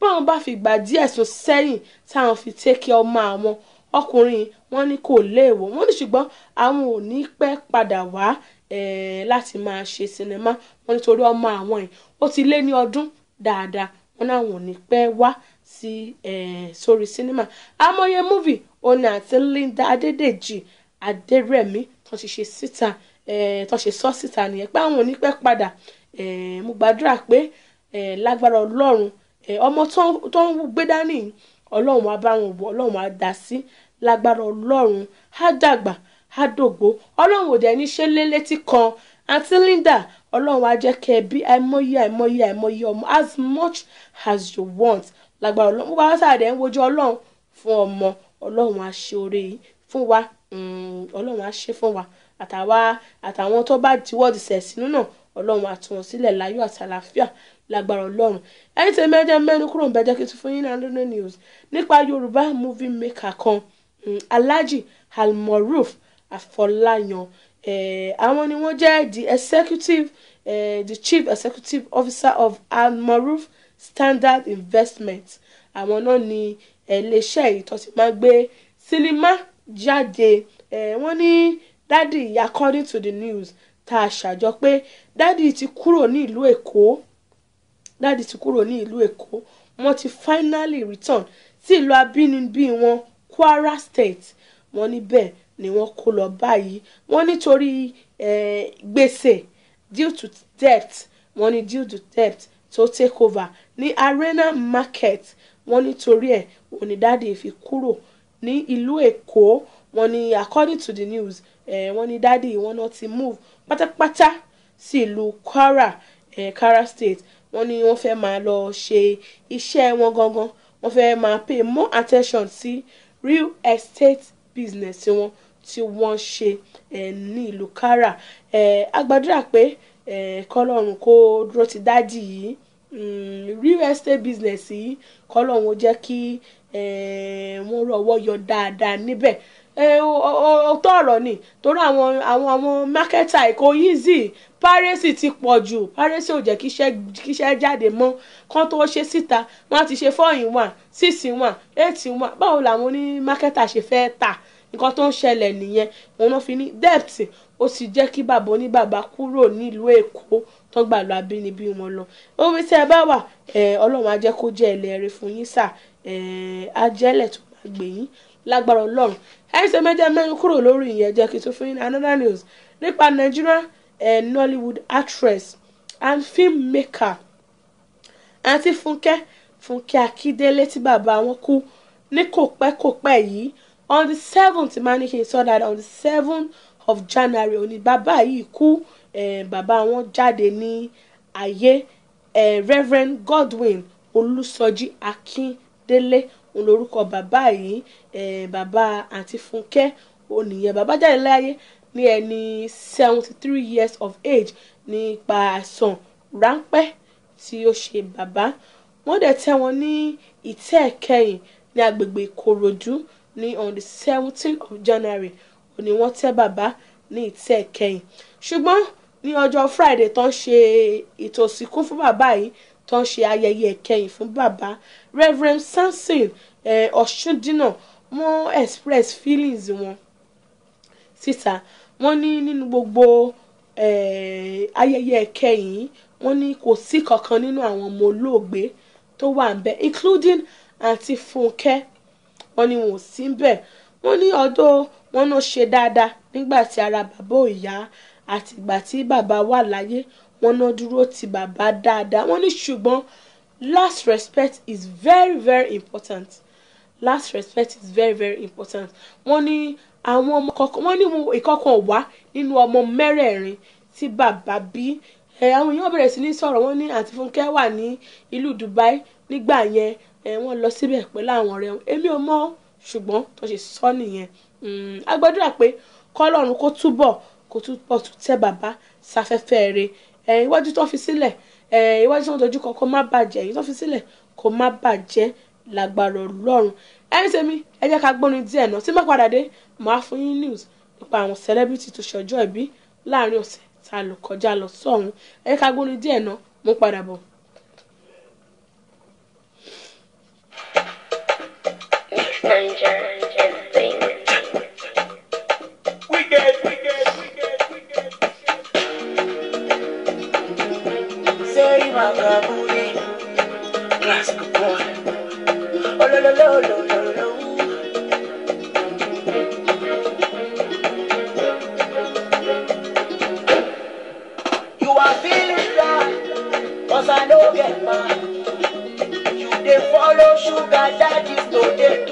báwọn bá fi gbà díẹ̀ sún sẹ́yìn táwọn fi tẹ́kẹ̀ ọmọ àwọn ọkùnrin wọn ní kò léèwọ̀ wọ́n ní ṣùgbọ́n àwọn ò ní pẹ́ padà wá eh, láti máa ṣe sinimá wọn nítorí ọmọ àwọn yìí ó ti lé ní ọdún dáadáa wọn náà wọn ní pẹ́ wá sí sórí sinimá amóye múvì òun àti Linda Adédèjì Adérẹ̀mí tó ti ṣe síta tó ṣe sọ síta nìyẹn pé àwọn onípẹ́ padà mo gbàdúrà pé lágbára Ọlọ́run ọmọ tó ń gbé dání Ọlọ́run á bá wọn wò Ọlọ́run á dá sí lágbára Ọlọ́run á dàgbà á dògbò Ọlọ́run ò dẹ̀ ní ṣe lé létí kan àti Linda Ọlọ́run á jẹ́ kẹ́ ẹ bí àìmọye àìmọye àìmọye ọmọ as much as you want lágbára ọlọ́run bó bá sàdé ń wojú ọlọ́run fún ọmọ ọlọ́run á ṣe oore yìí fún wa hmm, ọlọ́run á ṣe fún wa àtàwa àtàwọn tó bá diwọ́ di sẹ̀sínú náà ọlọ́run á tú wọn sílẹ̀ láyọ̀ àti àlàáfíà lágbára ọlọ́run ẹni tẹ mẹ́jẹ mẹ́nu kúrò ń kí n ti fún yín náà lónìí news nípa yorùbá movie maker kan hmm, alhaji almoruf afọláyan eh, àwọn ni wọ́n jẹ́ the executive eh, the chief executive officer of almoruf Standard Investments, àwọn náà ni eh, iléeṣẹ́ èyí tán ti máa ń gbé sinimá jáde. um Wọ́n ní Dádì According to the news tá a ṣàjọ pé Dádì ti kúrò ní ìlú Èkó, Dádì ti kúrò ní ìlú Èkó, wọ́n ti finally return sí ìlú abínibí wọn Kwara State. Wọ́n ní bẹ́ẹ̀ ni wọ́n kó lọ báyìí. Wọ́n nítorí um gbèsè due to debt, wọ́n ní due to debt tó take over ní arena market wọ́n ní torí ẹ̀ onídàdé fi kúrò ní ìlú èkó wọ́n ní according to the news eh, wọ́n ní dádì wọn náà ti move pátápátá sí ìlú kwara kara state wọ́n ní wọ́n fẹ́ máa lọ ṣe iṣẹ́ wọn gangan wọ́n fẹ́ máa pay more attention sí real estate business wọn tí wọ́n ṣe eh, ní ìlú kwara eh, agbàdúrà pé eh, kó dúró ti dádì yìí Mm, real estate business yìí kọ́lọ́hún ó jẹ́ kí eh, wọ́n rọwọ́ yọ dáadáa níbẹ̀ ọ̀tọ̀ eh, ọ̀rọ̀ ni torí àwọn àwọn àwọn mákẹ́tà èkó easy párẹ́sì ti pọ̀ jù párẹ́sì ò jẹ́ kíṣẹ́ jáde mọ́ kán tó ṣe síta wọ́n á ti ṣe four in one six in one eight in one báwo làwọn oní mákẹ́tà ṣe fẹ́ tà nǹkan tó ń ṣẹlẹ̀ nìyẹn òun náà fi ní debt ó sì jẹ́ kí bàbá oníbàbá kúrò nílùú èkó tó gbà lọ abínibí wọn lọ omi tí ẹ bá wà ọlọ́run á jẹ́ kó jẹ́ ẹlẹ́rìí fún yín sà ajẹ́lẹ̀ tó máa gbè yín lágbára ọlọ́run ẹ̀ṣẹ̀ mẹ́jẹ mẹ́rin kúrò lórí ìyẹn jẹ́ kí n tún fún yín another news nípa Nigeria Nollywood actress and filmmaker àti funke funke Akíndélé tí bàbá wọn kú ní kò pẹ́ kò pẹ́ yìí on the seventh manike sọ dáadáa on the seventh of January oni bàbá yìí kú eh, bàbá wọn jáde ní ayé eh, Reverend Godwin Olùsọjí Akíndélé òun lórúkọ bàbá yìí eh, bàbá àti Fúnkẹ́ ònìyẹn bàbá jáde láyé ní ẹni seventy three years of age nípa àìsàn ráńpẹ́ tí ó ṣe bàbá wọ́n dẹ̀ tẹ́ wọn ní ìtẹ́ ẹ̀kẹyìn ní agbègbè Ìkòròdú ní on the seventeen of January ni wọ́n tẹ́ bàbá ní ìtẹ́ kẹ́yìn ṣùgbọ́n ní ọjọ́ Friday tó ń ṣe ìtòsíkú fún bàbá yìí tó ń ṣe ayẹyẹ ìkẹyìn fún bàbá Reverend Samson Ọ̀ṣúndínà wọ́n express feelings wọn síta wọ́n ní nínú gbogbo ayẹyẹ ìkẹyìn wọ́n ní kò sí kankan nínú àwọn ọmọ olóògbé tó wà ń bẹ̀ including àǹtí Fúnkẹ́ wọ́n ní wọn ò sí bẹ́ẹ̀ wọ́n ní ọdọ́ wọn náà ṣe dáadáa nígbà tí ara bàbá ò yá àtìgbà tí bàbá wà láyé wọn náà dúró ti bàbá dáadáa wọ́n ní ṣùgbọ́n last respect is very very important last respect is very very important wọ́n ní àwọn ọmọ kọ̀ọ̀kan wọ́n ní ìkọ̀kan wá nínú ọmọ mẹ́rẹ̀ẹ̀rin tí bàbá bí àwọn èèyàn bẹ̀rẹ̀ sí ní sọ̀rọ̀ wọ́n ní àǹtí Fúnkẹ́ wà ní ìlú Dubai nígbà yẹn wọ́n lọ síbẹ̀ pẹ̀lú àwọn ọ̀rẹ́ wọn èmi ò mọ̀ ṣùgbọ́n tó ṣe sọ nìyẹn hmm, a gbàdúrà pé kọ́lọ́run kó túbọ̀ kó túbọ̀ tẹ bàbá sáfẹ́fẹ́ rẹ̀ iwájú tó fi sílẹ̀ iwájú tó ń dojú kọ kó má bàjẹ́ èyí tó fi sílẹ̀ kó má bàjẹ́ lágbára Ọlọ́run ẹ̀yin tèmi ẹ jẹ́ ká gbóni díẹ̀ náà tí má dé màá fún yín news nípa àwọn celebrity tó ṣe ọjọ́ ìbí láàrin ọ̀sẹ̀ tá a lò kọjá lọ sọ́hún ẹ jẹ́ ká gbóni díẹ̀ náà mo bọ̀. Stranger is things. We get, we get, we get, Say my God, Classic boy. Oh, lo, lo, lo, lo, lo. Cause I know get mine. You dey follow sugar daddies, no dey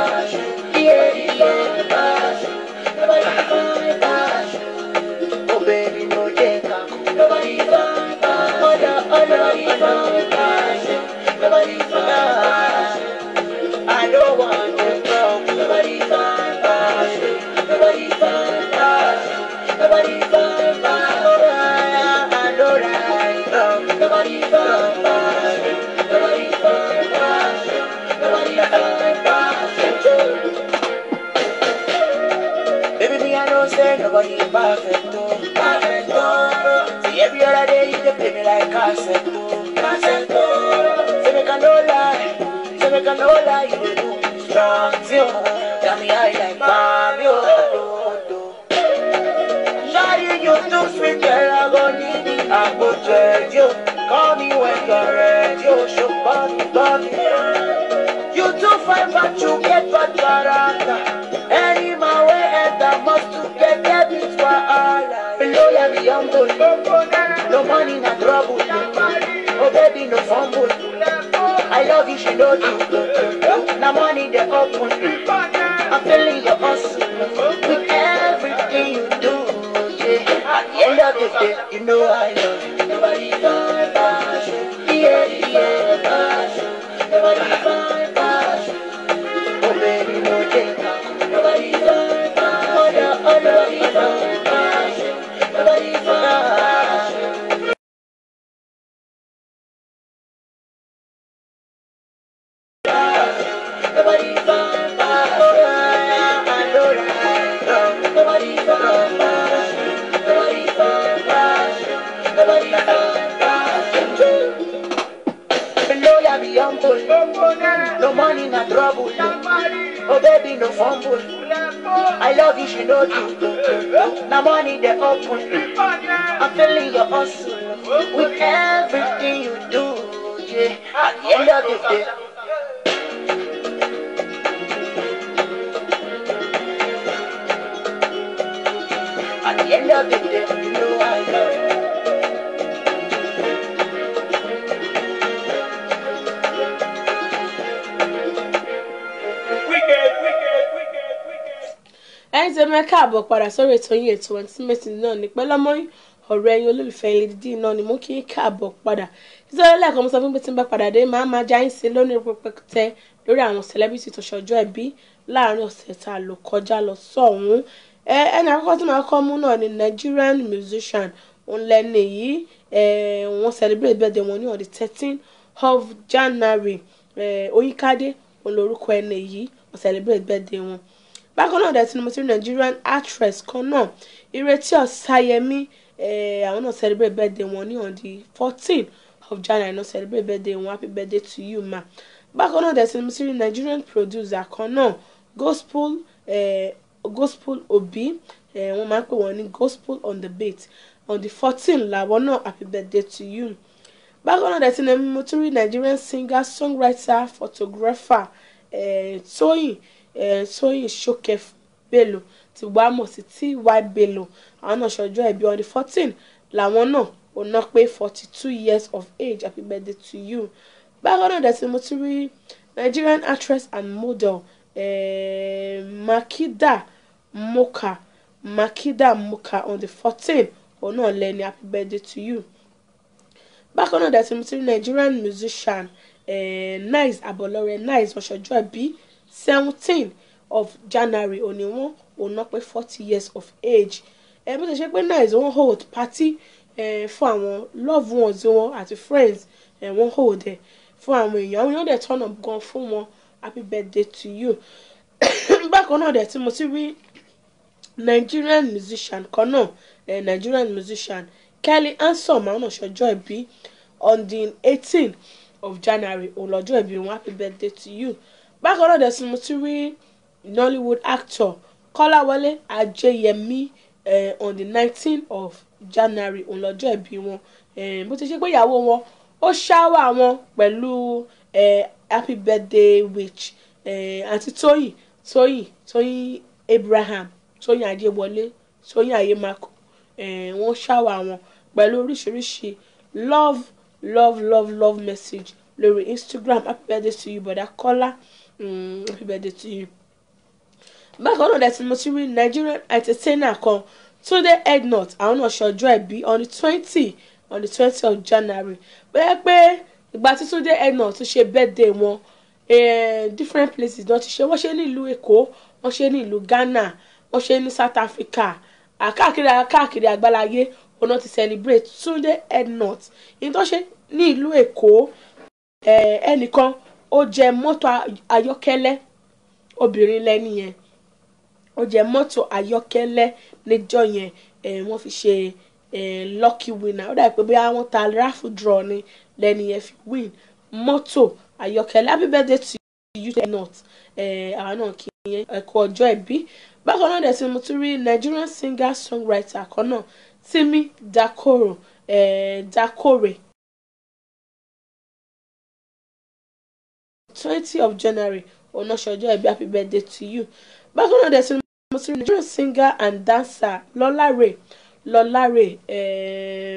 Thank you. body perfecto, perfecto. See every other day you dey pay me like cassetto, cassetto. Say me can no lie, say me can no lie, you dey do me strong too. Oh. Tell me how you like mommy, oh, you too sweet, girl, I gon' need the apple you. Oh. Call me when you're ready, oh. You too fine, but you get bad character. Any my way, and I must together. Below ya be humble. No money, no trouble. Oh baby, no fumble. I love you, she know you. No money they open. I'm feeling your hustle with everything you do. Yeah, I love you, babe. You know I love you. Nobody does like you. Yeah, yeah, Nobody does. Oh baby, no fumble. I love you, she know you. Now money they open. I'm feeling your hustle with everything you do. Yeah, at the end of the At the end of the day, you know I love. ẹ̀ẹ́dẹ́gbẹ́ mẹ́ka àbọ̀ padà sórí ètò yín ètò àǹtí mẹ́tì náà ní pẹ́ lọ́mọ́ ọ̀rọ̀ ẹ̀yin olólùfẹ́ ilé dídí náà ni mo kí í káàbọ̀ padà nítorí lẹ́ẹ̀kan mo sọ fún pé tí n bá padà dé máa máa já yín sí lónìí pẹpẹtẹ lórí àwọn sẹlẹ́bìtì tó ṣọjọ́ ẹ̀bí láàrin ọ̀sẹ̀ tá a lò kọjá lọ sọ̀hún ẹni àkọ́kọ́ tí màá kọ́ mú náà ni Nigerian musician ńlẹ́ni yìí wọ́n celebrate birthday wọn ní on thirteen of January Oyíkádé òun lórúkọ ẹni yìí wọ́n celebrate birthday wọn bákan náà dẹ̀ tí mo ti rí Nigerian actress kan náà Ìrètí Ọ̀sáyẹmí eh, àwọn náà celebrate birthday wọn ní on the fourteen of January náà celebrate birthday wọn happy birthday to you ma bákan náà dẹ̀ tí mo ti rí Nigerian producer kan náà gospel eh, gospel obi eh, wọ́n máa ń pè wọ́n ní gospel on the beat on the fourteen làwọn náà happy birthday to you bákan náà dẹ̀ tí mo ti rí Nigerian singer songwriter photographer eh, Tóyìn. So tóyìn eh, ṣókè bello tí wàá mọ̀ sí ty bello àwọn náà ṣọjọ́ ẹ̀bí ọdún fourteen làwọn náà ò ná pé forty two years of age happy birthday to you bákan náà dẹ̀ tí mo ti rí Nigerian actress and model eh, Makida Moka Makida Moka on the fourteen òun náà lẹ́ni happy birthday to you bákan náà dẹ̀ tí mo ti rí Nigerian musician eh, Nice Abolore Nice ọ̀ṣọ́jọ́ ẹ̀bí seventeen of January òní wọn òun náà pé forty years of age ẹ bó ṣe ṣe pé nice wọn hold party eh, fún àwọn loved ones wọn àti friends eh, wọn hold ẹ fún àwọn èèyàn àwọn èèyàn dẹ̀ turn up gan fún wọn happy birthday to you bákan náà dẹ̀ tí mo ti rí Nigerian musician kan náà eh, Nigerian musician Kelly Ansom àwọn ọ̀ṣọ́jọ́ ìbí on the eighteen of January òun lọ́jọ́ ìbí wọn happy birthday to you bákan náà dẹ̀ sì mo ti rí Nollywood actor Kọ́láwọlé Ajéyẹmí eh, on the nineteen of January òǹlọ́jọ́ ìbí wọn eh, bó ti ṣe pé ìyàwó wọn ó ṣáwà wọn pẹ̀lú eh, happy birthday witch eh, àti Tóyìn Tóyìn Tóyìn Abraham Tóyìn Ajéwọlé Tóyìn Ayémakọ eh, wọ́n ṣáwà wọn pẹ̀lú oríṣiríṣi love love love love message lórí Instagram happy birthday to you bọ̀dá Kọ́lá um, happy birthday to you. bákan náà dẹ̀tí mo ti rí Nigerian entertainer kan Tunde Ednut àwọn náà ṣọjọ́ ẹ̀bí on the twenty on the twenty of January bẹ́ẹ̀ pé ìgbà tí Tunde Ednut tún ṣe birthday wọn eh, different places náà ti ṣe wọ́n ṣe ní ìlú Èkó wọ́n ṣe ní ìlú Ghana wọ́n ṣe ní South Africa àkáàkiri àkáàkiri àgbáláyé ọ̀nà ti celebrate Tunde Ednut ìtọ́ṣe ní ìlú Èkó ẹnìkan ó jẹ mọ́tò ayọ́kẹ́lẹ́ obìnrin lẹ́ni yẹn ó jẹ mọ́tò ayọ́kẹ́lẹ́ níjọ́ yẹn wọ́n fi ṣe lucky winner ó dàbí pé bí wọ́n ta raffle draw ni lẹ́ni yẹn fi win mọ́tò ayọ́kẹ́lẹ́ happy birthday to you to not àwọn náà kì í yẹn ẹ̀kọ́ ọjọ́ ìbí bákan náà dẹ̀ tí mo tún rí Nigerian singer songwriter kan náà Timi Dakoro Dakore. Eh, twenty of January Onasojo Ebi happy birthday to you bákan náà dẹ̀ sí Nigerian singer and dancer Lọ́lárè Lọ́lárè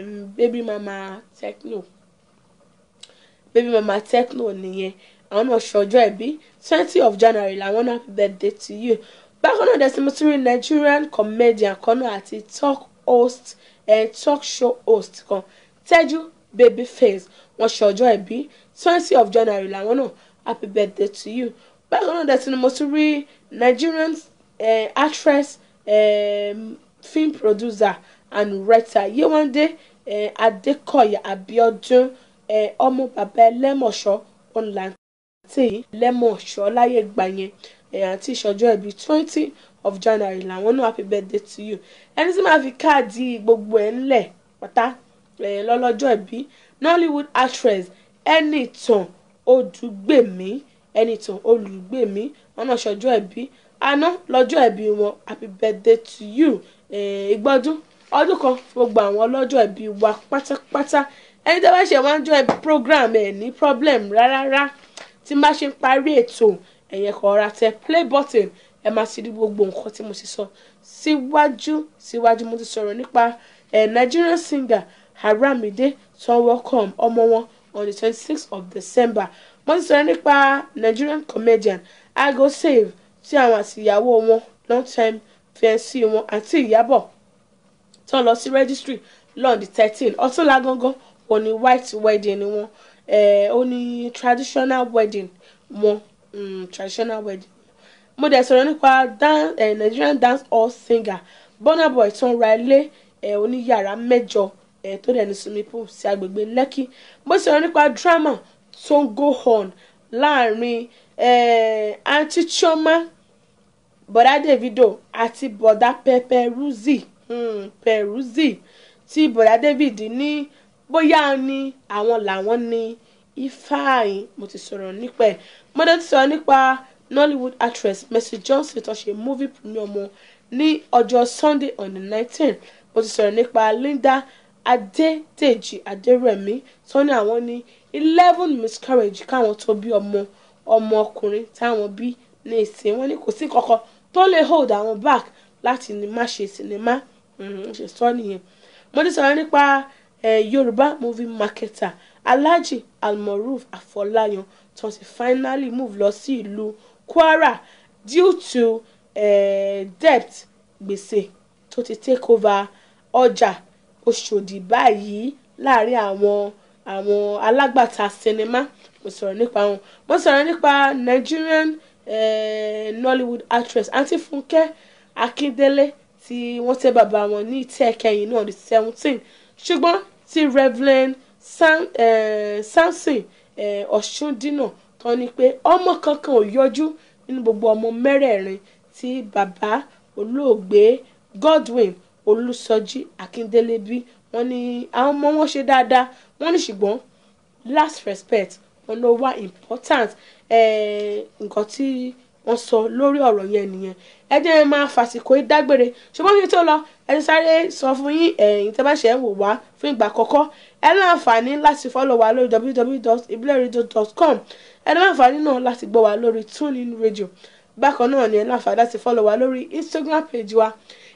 um, baby mama techno baby mama techno nìyẹn àwọn náà ṣọjọ́ ẹbí twenty of January làwọn náà happy birthday to you bákan náà dẹ̀sí mo Nigerian comedian kan náà àti talk host eh, talk show host kan Tẹ́jú Babyface wọ́n ṣọjọ́ ẹbí twenty of January làwọn náà happy birthday to you bákan náà dẹ̀tí ni mo Nigerian uh, actress um, film producer and writer Yewande uh, Adekoya Abiodun ọmọ uh, bàbá ẹlẹ́mọ̀ṣọ́ online tí lẹ́mọ̀ṣọ́ láyé gbà yẹn àti ìṣọjọ́ ẹ̀bí twenty of January làwọn náà happy birthday to you ẹni tí màá fi káàdì gbogbo ẹ̀ ńlẹ̀ pátá lọ́lọ́jọ́ ẹ̀bí Nollywood actress Ẹnìtàn odùgbẹ̀mí ẹnìtàn olùgbẹ̀mí wọn náà ṣọjọ́ ẹbí àná lọ́jọ́ ẹbí wọn happy birthday to you eh, ìgbọ́dún ọdún kan gbogbo àwọn ọlọ́jọ́ ẹbí wa pátápátá ẹni tó bá ṣe wá ń jọ ẹbí program ẹ̀ ní problem rárá tí má ṣe ń parí ètò ẹ̀yẹ kọ̀ ọ̀rá tẹ play button ẹ máa ti rí gbogbo nǹkan tí mo ti sọ síwájú síwájú mo ti sọ̀rọ̀ nípa eh, Nigerian singer Haramide tó wọ́n kàn ọmọ wọn on the 26th of December wọ́n ti sọ̀rọ̀ nípa Nigerian comedian Ago Save tí àwọn àtìyàwó wọn long time fiancé wọn àti Ìyábọ̀ tó lọ sí registry lọ́ọ̀dì 13 ọ̀túnla gangan wọn ni white wedding ni wọn ó ní traditional wedding wọn hmm, traditional wedding mo dẹ̀ sọ̀rọ̀ nípa eh, Nigerian dance hall singer Burna Boy tó ń ra ilé eh, oníyàrá mẹ́jọ eh, tó dẹ̀ ní swimming pool sí agbègbè Lẹ́kì bó ṣe rọ nípa drama tó ń go on láàrin eh, aunty Chioma bọ̀dá Davido àti bọ̀dá Pepe Ruzi hmm, Peruzzi tí bọ̀dá David ní bóyá ni àwọn làwọn ni Ifeanyi mo ti sọ̀rọ̀ nípa ẹ̀ mo dẹ̀ ti sọ̀rọ̀ nípa Nollywood actress Mercy Johnson tó ṣe movie premiere wọn ní ọjọ́ Sunday on the 19th. mo ti sọ̀rọ̀ nípa Linda adédèjì adẹrẹmí tó ní àwọn ní eleven miscarriage káwọn tó bí ọmọ ọmọ ọkùnrin táwọn bí ní ìsìn wọn ni kò sí kankan tó lè hold àwọn back láti ní má ṣe sinimá ṣe sọ nìyẹn mo ti sọ̀rọ̀ nípa yorùbá movie marketer alhaji almoruf afọláyan tó ti finally move lọ sí ìlú kwara due to uh, debt gbèsè tó ti take over ọjà Ọ̀ṣọ́dì báyìí láàrin àwọn àwọn alágbàtà sinimá mo sọ̀rọ̀ nípa wọn mo sọ̀rọ̀ nípa Nigerian eh, Nollywood actress Aunty Funke Akindele tí wọ́n tẹ́ bàbá wọn ní ìtẹ́ kẹyìn náà ní seventeen ṣùgbọ́n tí Revlon Sam, eh, Samson eh, Ọ̀ṣúndínà eh, tó ní pé ọmọ kankan ò yọjú nínú gbogbo ọmọ mẹ́rẹ̀ẹ̀rin tí bàbá olóògbé Godwin olùsọjí akíndélé bí wọ́n ní àwọn ọmọ wọn ṣe dáadáa wọ́n ní ṣùgbọ́n last respect wọn ló wá important nǹkan tí wọ́n sọ lórí ọ̀rọ̀ yẹn nìyẹn ẹ jẹ́ ẹ máa fàsìkò ìdágbére ṣùgbọ́n kí n tó lọ ẹ ti sáré sọ fún yín ẹ̀yin tẹ́ bá ṣe ń wò wá fún ìgbà àkọ́kọ́ ẹ ní àǹfààní láti fọ́lọ̀ wá lórí www.ibileradio.com ẹ ní àǹfààní náà láti gbọ́ wá lórí tunein radio bákan náà ni ẹ ní láti fọ́lọ̀ wá lórí instagram page wa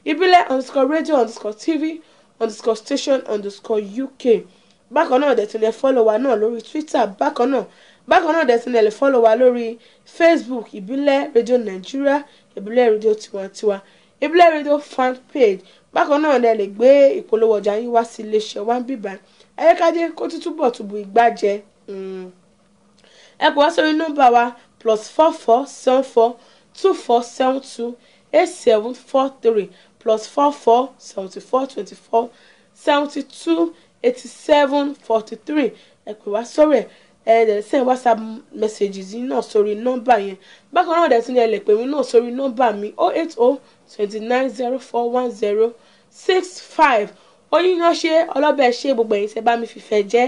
ìbílẹ̀ underscore radio underscore tv underscore station underscore uk bákan náà dẹ̀túnlẹ̀ fọ́lọ̀ wa náà lórí twitter bákan náà bákan náà dẹ̀túnlẹ̀ lè fọ́lọ̀ wa lórí facebook ìbílẹ̀ radio nigeria ìbílẹ̀ radio tiwantiwa ìbílẹ̀ radio fan page bákan náà dẹ̀ lè gbé ìpolówó ọjà yín wá sí iléeṣẹ́ wa ń bíbá ayékádé kó tútù bọ̀ tùbù ìgbà jẹ hmm. ẹ pè wá sórí nọ́mbà wa plus four four seven four two four seven two eight seven four three plus four four seventy four twenty four seventy two eighty seven forty three ẹ pè wá sórí ẹ̀ ẹ̀ẹ́dẹ̀ send whatsapp messages yìí náà sórí nọ́mbà yẹn bákan náà dẹ̀ tún ní ẹ lè pè mí náà sórí nọ́mbà mi oh eight oh twenty nine zero four one zero six five oyinyanṣe ọlọ́bẹ̀ ṣe gbogbo ẹ̀yin tẹ́ bá mi fìfẹ́ jẹ́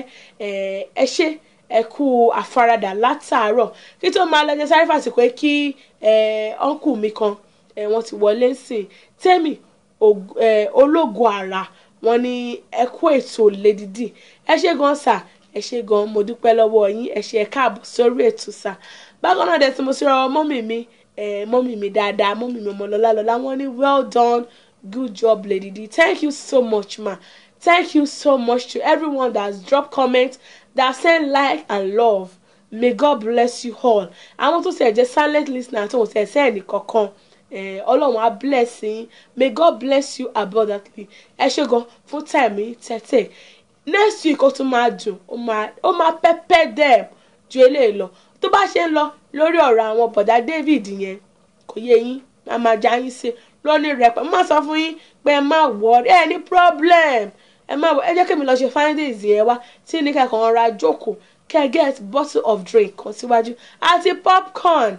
ẹ ṣe ẹ kú àfaradà látàárọ̀ kí tó máa lọ jẹ sáré fàsìkò kí ọ̀nkù mi kan ẹ wọ́n ti wọlé sìn tẹ́mi ológo ara wọn ni ẹ kó ètò lédìdí ẹ ṣe gan sà ẹ ṣe gan mo dúpẹ́ lọ́wọ́ yín ẹ ṣe ẹ káàbọ̀ sórí ètò sà bákan náà dẹ̀ tí mo sọ̀rọ̀ mọ́mì mi mọ́mì mi dáadáa mọ́mì mi ọmọlọ́lá lọ́lá wọn ni well done good job lédìdí thank you so much ma thank you so much to everyone that has dropped comment that send like and love may God bless you all àwọn tó ṣe ẹ̀ jẹ́ silent listener tó ń ṣe ẹ̀ sẹ́ẹ̀ nìkankan. Eh, ọlọ́run á bless yín may God bless you abundantly ẹ ṣe gan fún tẹ̀mí tẹ̀tẹ̀ next week ó tún máa dùn ó máa pẹ́pẹ́ dẹ̀ ju eléyìí lọ tó bá ṣe ń lọ lórí ọ̀rọ̀ àwọn bọ̀dá David yẹn kò yé yín a máa já yín sí lónìí rẹpẹ má sọ fún yín pé ẹ má wọ ẹ ní problem ẹ má wọ ẹ jẹ́ kí mi lọ ṣe findings yẹn wá tí ní kẹ́kọ̀ọ́ ra jókòó kẹ́ get bottle of drink kan síwájú àti popcorn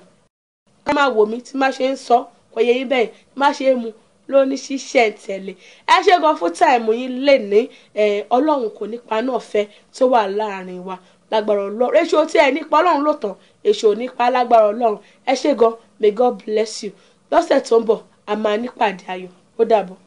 ká máa wò mí tí má ṣe ń sọ. So kò yẹ yín bẹ́ẹ̀ má ṣe é mu ló ní ṣíṣe ìtẹ̀lé ẹ ṣe gan fún táìmù yín lè ní ọlọ́run kò nípa náà fẹ́ tó wà láàrin wa lágbára ọlọ́run èṣù tí ẹ nípa ọlọ́run ló tán èṣù ò nípa lágbára ọlọ́run ẹ ṣe gan may God bless you lọ́sẹ̀ tó ń bọ̀ a máa nípàdé ayọ̀ ó dàbọ̀.